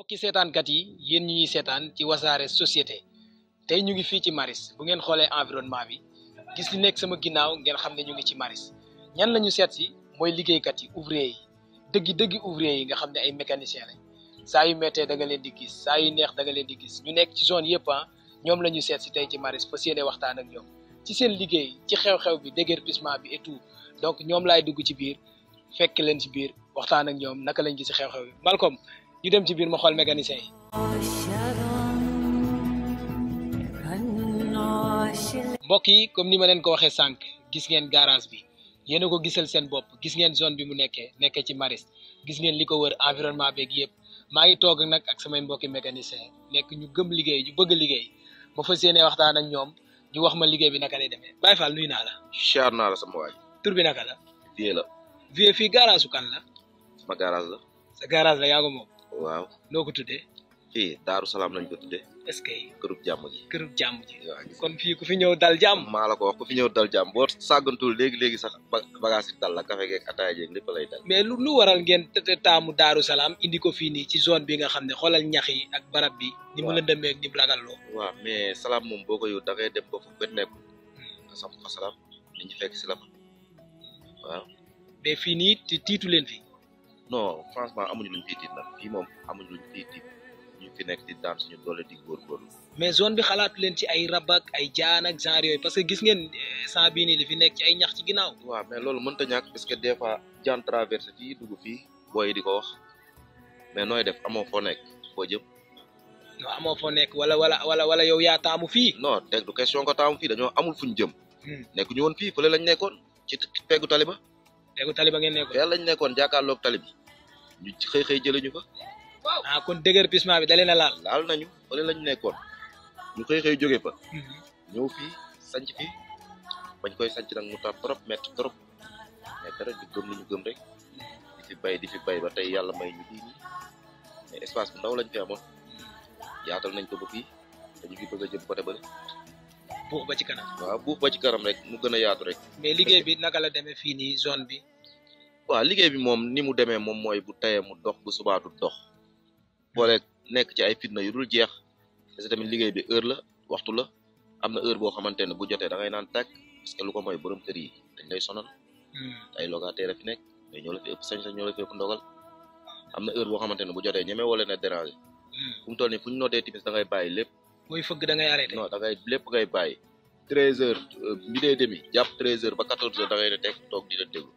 mbokki seetaankat yi yéen ñi seetaan ci wasaare société tey ñu ngi fii ci maris bu ngeen xoolee environnement bi gis li nekk sama ginnaaw ngeen xam ne ñu ngi ci maris ñan la ñu seet si mooy liggéeykat yi ouvrier yi dëggi dëggi ouvrier yi nga xam ne ay mécanicien lañ saa yu méttee da nga leen di gis saa yu neex danga leen di gis ñu nekk ci zone yëpp ah ñoom la ñu seet si tey ci maris fas yéene waxtaan ak ñoom ci seen liggéey ci xew-xew bi déguerpissement bi et donc ñoom laay dugg ci biir fekk leen ci biir waxtaan ak ñoom naka lañ gis xew-xew bi Malcom ñu dem ci biir ma xol mécanicien yi. mbokk yi comme ni ma leen ko waxee sànq gis ngeen garage bi yéen ko gisal seen bopp gis ngeen zone bi mu nekkee nekke ci Maristes gis ngeen li ko wër environnement beeg yëpp maa ngi toog nag ak samay mbokki mécanicien nekk ñu gëm liggéey ñu bëgg liggéey ma fas yéene waxtaan a ñoom ñu wax ma liggéey bi naka lay demee Baye Fall nuyu naa la. sama waay. tur bi naka la. Vieux la. Vieux garage su kan la. sama garage la. sa garage la yaa waaw noo ko tuddee. fii Daaru Salaam lañ ko tuddee. est-ce que kërub jàmm ji. kërub jàmm ji. kon fii ku fi ñëw daal jàmm. maa la ko wax ku fi ñëw dal jàmm boo léegi léegi sax bagage yi dal la kafe a ataaya jeeg lépp lay dal. mais lu lu waral ngeen taamu Daaru Salaam indi ko fii nii ci zone bi nga xam ne xoolal ñax yi ak barab bi. ni mu la demee ak ni mu ragal loo. waaw mais salaam moom boo ko yow da ngay dem ba fu bët nekk. Hmm. asam fa salaam nit ñi fekk si la waaw. mais fii nii tiitu leen fi. non franchement amuñu luñ fiy tiit nag moom amuñu luñ fi nekk di mais zone bi xalaatu leen ci ay rabak ay jaan ak genre yooyu parce que gis ngeen eh, sant bii nii li fi nekk ci ay ñax ci ginnaaw. waaw mais loolu mënta ñàkk parce que des fois jaan traversé fii dugg fii booy di ko wax mais nooy def amoo foo nekk foo jëm. non amoo foo nekk wala wala wala wala yow yaa taamu fii. no teg du question ko taamu fii dañoo amul fuñ jëm. Hmm. nekk ñu woon fii fële lañ nekkoon ci peggu taliba. peggu taliba ngeen nekkoon. fële lañ nekkoon jàkkaarloog tali ñu xëy xëy jëlee ñu fa. ah kon déguerpissement bi dalee a laal. laal nañu wala lañu nekkoon ñu xëy xëy jógee fa. Mhm. ñëw fii sanc fii bañ koy sanc nag mu tax trop métti trop mais dara di ñu gëm rek di fi di fi bay ba tey yàlla may ñu fii espace bu ndaw lañ fi amoon yaatal nañ ko ba fii fi bëgg a jëm côté bële. buux ba ci kanam. waaw buux ba ci kanam rek mu gën a yaatu rek. mais liggéey bi naka la demee fii nii zone bi. waaw liggéey bi moom ni mu demee moom mooy bu tayee mu dox bu subaa du dox boole nekk ci ay fitna yu dul jeex parce que tamit liggéey bi heure la waxtu la am na heure boo xamante ne bu jotee da ngay naan tàkk lu ko mooy borom kër yi dañ lay sonal. Hmm. ay locataire fi nekk mais ñoo sañ-sañ ñoo la fi ëpp ndogal am na heure boo xamante ne bu jotee ñeme wala na déranger. Hmm. fu mu toll ñu nootee timis da ngay bàyyi lépp. mooy fëgg da ngay arrêté non da ngay lépp ngay bàyyi. treize heures euh, midi et demi jàpp treize heures ba quatorze heures da ngay toog di la déglu.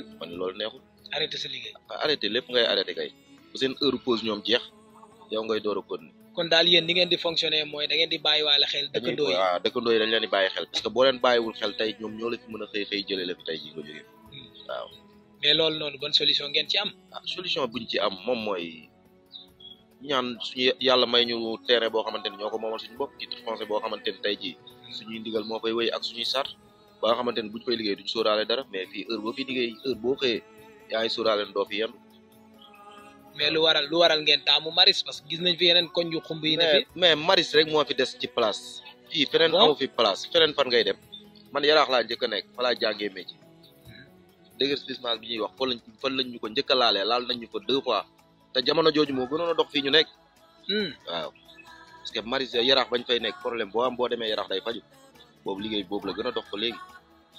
man hmm? loolu neexul. arrêté sa liggéey. Ah, arrêté lépp ngay arrêté kay bu seen heure pause ñoom jeex yow ngay door a kon daal yéen ni ngeen di fonctionner mooy da ngeen di bàyyi waale xel. dëkkandoo yi waaw dëkkandoo yi di bàyyi xel. parce que boo leen bàyyiwul xel tey ñoom ñoo fi mën a xëy xëy jëlee la fi tey ji nga jógee hmm. waaw. mais noonu bonne solution ngeen ci am. ah solution buñ ci am moom mooy ñaan suñu yàlla may ñu terrain boo xamante ni ñoo ko moomal suñu bopp titre foncier boo xamante ni tey jii hmm. suñuy ndigal moo ba nga xamante ne buñ koy liggéey duñ sóoraale dara mais fii heure boo fi liggéey heure boo xëyee yaa ngi sóoraale mais lu waral lu waral ngeen taamu maris parce que gis nañ fi yeneen koñ yu xumb maris rek moo fi des ci place. fii feneen fi place feneen fan ngay dem man yaraax laa njëkk a nekk fa laa jàngee métier. Mhm. déguerpissement bi ñuy wax fa lañ fa lañ ñu ko njëkk laalee laal nañ ñu ko deux fois te jamono jooju moo gënoon a dox fii ñu nekk. Hmm. waaw parce que maris yaraax bañ fay nekk problème boo am boo demee yaraax day faju boobu liggéey boobu la gën a dox ko léegi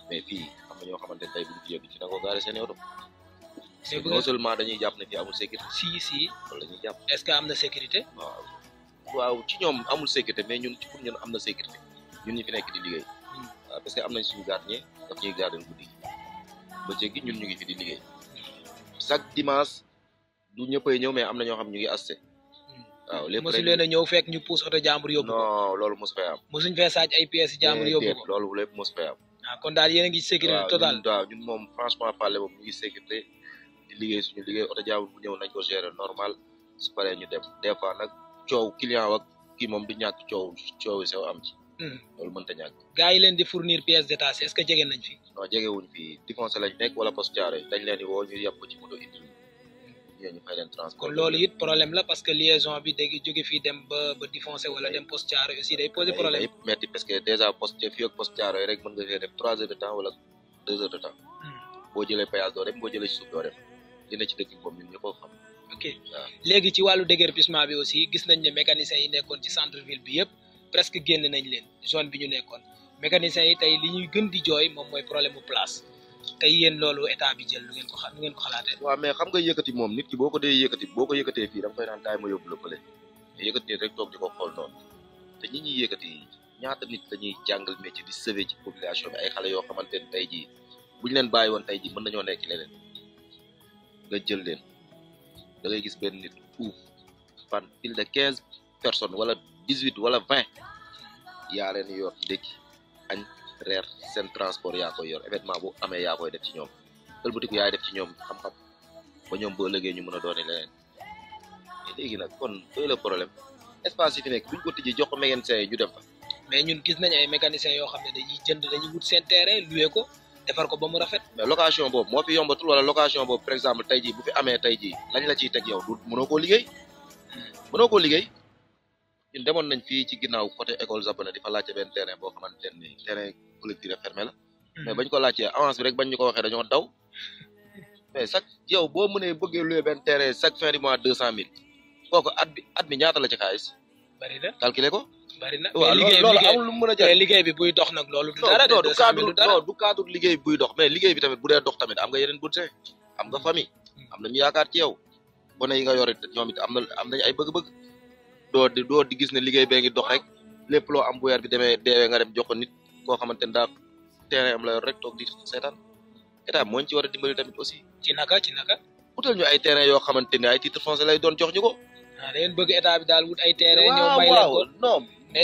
mais fii am na ñoo xamante ne tey bu fi yóbbu ci nangoo gaare seen seulement dañuy jàpp ne fii amul sécurité. si si loolu la jàpp. est-ce que am na sécurité. waaw ci ñoom amul sécurité mais ñun ci pour ñun am na sécurité ñun ñu fi nekk di liggéey. Hmm. waaw parce que am nañ suñu gardien daf ñuy gardé guddi gi bëccëg ñun ñu ngi fi di liggéey chaque dimanche du ñëppay ñëw mais am na ñoo xam ñu ngi assé. waaw lépp mosu leen a ñëw fekk ñu puus oto jàmbur yóbbu ko loolu mosu fay am eh, ko loolu lépp mosu fay am ah, kon daal yéen a sécurité totale ñun moom franchement parler moom ñu ngi sécurité di liggéey suñu liggéey oto jàmbur bu ñëw nañ ko gérer normal su paree ñu dem des fois nag coow client ak kii moom du ñàkk coow coow sew am ci hmm. loolu mënta ñàkk gars yi leen di fournir pièces détachées est-ce que jege nañ fi non jegewuñ fii di foncé lañ nekk wala poste jaaro dañ leen woo ñu yàpp ci moto ñu fay leen loolu it problème la parce que liaison bi gi jóge fii dem ba ba défoncé wala dem poste Thiaroye yooyu aussi day poser problème. metti parce que déjà poste fii ak poste Thiaroye yooyu rek mën nga heures de temps wala deux heures de temps. Hmm. boo jëlee péage doo dem boo jëlee ci suuf doo léegi ci wàllu déguerpissement bi aussi gis nañ ne mécaniciens yi nekkoon ci centre ville bi yëpp presque génn nañ leen zone bi ñu nekkoon mécaniciens yi tey li ñuy gën di jooy moom mooy problème mu place. te yéen loolu état bi jël lu ngeen ko xa lu ngeen ko xalaatee. waaw mais xam nga yëkkati moom nit ki boo ko dee yëkkati boo ko yëkkatee fii da nga koy naan kaay ma yóbbu la bële te ñi ñaata nit la ñuy jàngal métier di sauvé ci ay xale yoo xamante ne tey jii bu ñu leen bàyyi woon tey jii mën nañoo nekk leneen nga jël leen da gis benn nit uuf fan pile de quinze personnes wala dix huit wala vingt yaa leen yor ndékki añ reer seen transport yaa koy yor événement bu amee yaa koy def ci ñoom ëlbatiku yaay def ci ñoom xam-xam ba ñoom bu ëllëgee ñu mën a doone leneen léegi nag kon doy la problème espace yi fi nekk buñ ko tijji jox ko mécanicien yi ñu dem fa mais ñun gis nañ ay mécaniciens yoo xam ne dañuy jënd dañuy wut seen terrain loué ko defar ko ba mu rafet mais location boobu moo fi yombatul wala location boobu par exemple tey jii bu fi amee tey jii lañ la ciy teg yow du o ko liggéey mënoo koo liggéey hmm. ñun demoon nañ fii ci ginnaaw côté école Zabana di fa laajte benn terrain boo xamante ne terrain collectif fermé la hmm. mais bañ ko laajtee avance bi rek bañ ko waxee la a jël bi buy dox nag loolu du dara du cadre non du cadre liggéey buy dox mais liggéey bi tamit bu dee dox am nga ay bëgg-bëgg doo di doo di gis ne liggéey bee ngi dox rek lépp loo am bu weer bi demee deewee nga dem jox ko nit koo xamante ne daa am la rek toog di seetaan état ci war a tamit aussi. ci naka ci naka. utal ñu ay terrain yoo xamante ne ay titre foncier lay doon jox ñu ko. waaw ah, da ngeen bi daal wut ay terrain ñëw may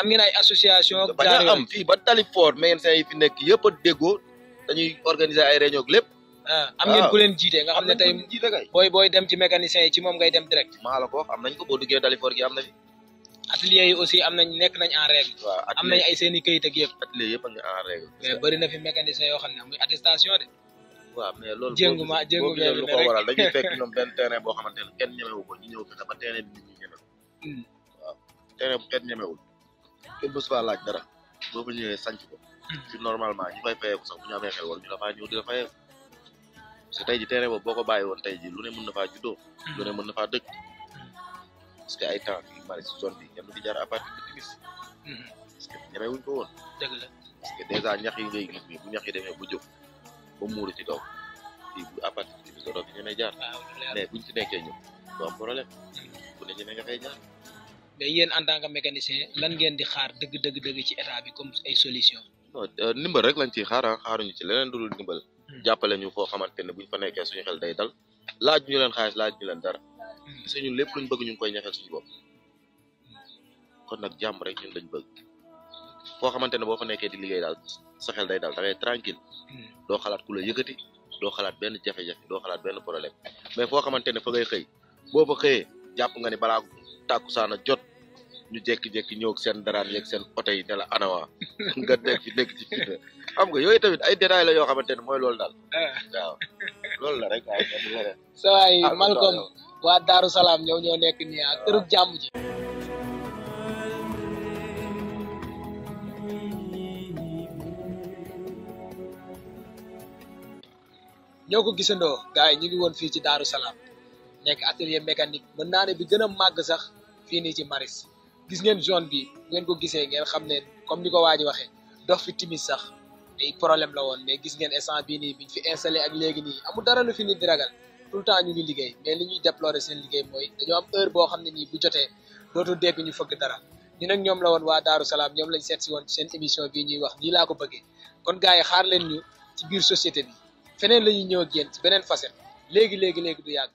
a nekk yëpp a dañuy organiser ay réunion ak lépp Ah, am ngeen ku leen jiite nga xam ne tey booy booy dem ci mécanicien yi ci moom ngay dem direct maa ko am nañ ko boo duggee Dalifort gi am na fi atelier yi aussi am nañ nekk nañ en règle am nañ ay seen i këyit ak yëpp atelier a ngi en na fi mécanicien yoo xam ne amuy attestation de waaw ma jéngu mais lu ko ñu ñëw fexe ba hmm. bu kenn ñemewul kenn hmm. ñu fay fayeeku sax bu ñu xel war ñu dafaa ñëw parce que tey ji boo ko bàyyi woon tey ji lu ne mën na faa juddoo lu ne mën na faa dëkk parce que ay temps yu bari si zone bi ñenn di jaar à partir de timis parce que ñeme wuñ ko ñax yi ngay gis nii bu ñax yi demee bu jóg ba muuru ci kaw fii bu à partir ci nekkee ñu doo am problème bu hmm. ne nga fay jaar mais en tant que mécanicien lan ngeen di xaar dëgg dëgg ci état bi comme ay solution non euh, rek lañ ciy xaar ah, xaaruñu ci leneen lu ndimbal jàppale ñu foo xamante ne buñ fa nekkee suñu xel day dal laaj ñu leen xaalis laaj ñu leen dara hmm. parce que lépp luñ bëgg ñu ngi koy ñaxel suñu bopp kon nag jàmm rek ñun lañ bëgg foo xamante ne boo fa nekkee di liggéey daal sa xel day daal da ngay tranquille hmm. doo xalaat ku la yëkkati doo xalaat benn jafe-jafe doo xalaat benn problème mais foo xamante ne fa ngay xëy boo fa xëyee jàpp nga ne balaa tàkkusaan a jot ñu jékki-jékki ñëw ak seen daraan yeeg seen oto yi ne la nga nekk ci ci fitna xam nga yooyu tamit ay détails la yoo xamante ne mooy loolu daal ah. waaw loolu la rek waaye sa waay ah, waa Daaru Salaam ñëw ñoo nekk nii ak ah, kërug jàmm ji ñoo ko gisandoo gars yi ñu ngi woon fii ci Daaru Salaam nekk atelier mécanique mën naa ne bi gën a màgg sax fii nii ci Maris gis ngeen zone bi ngeen ko gisee ngeen xam ne comme ni ko waa ji waxee dox fi timis sax ay problème la woon mais gis ngeen instant bi nii biñ fi installé ak léegi nii amul dara lu fi nit di ragal tout temps ñu ngi liggéey mais li ñuy déplorer seen liggéey mooy dañoo am heure boo xam ne nii bu jotee dootul dégg ñu fëgg dara ñu nag ñoom la woon waa Daaru Salaam ñoom lañ seet si woon seen émission bii ñuy wax ni laa ko bëggee kon gars yi xaar leen ñu ci biir société bi feneen la ñuy ñëw ak yéen ci beneen facette léegi léegi léegi du yàgg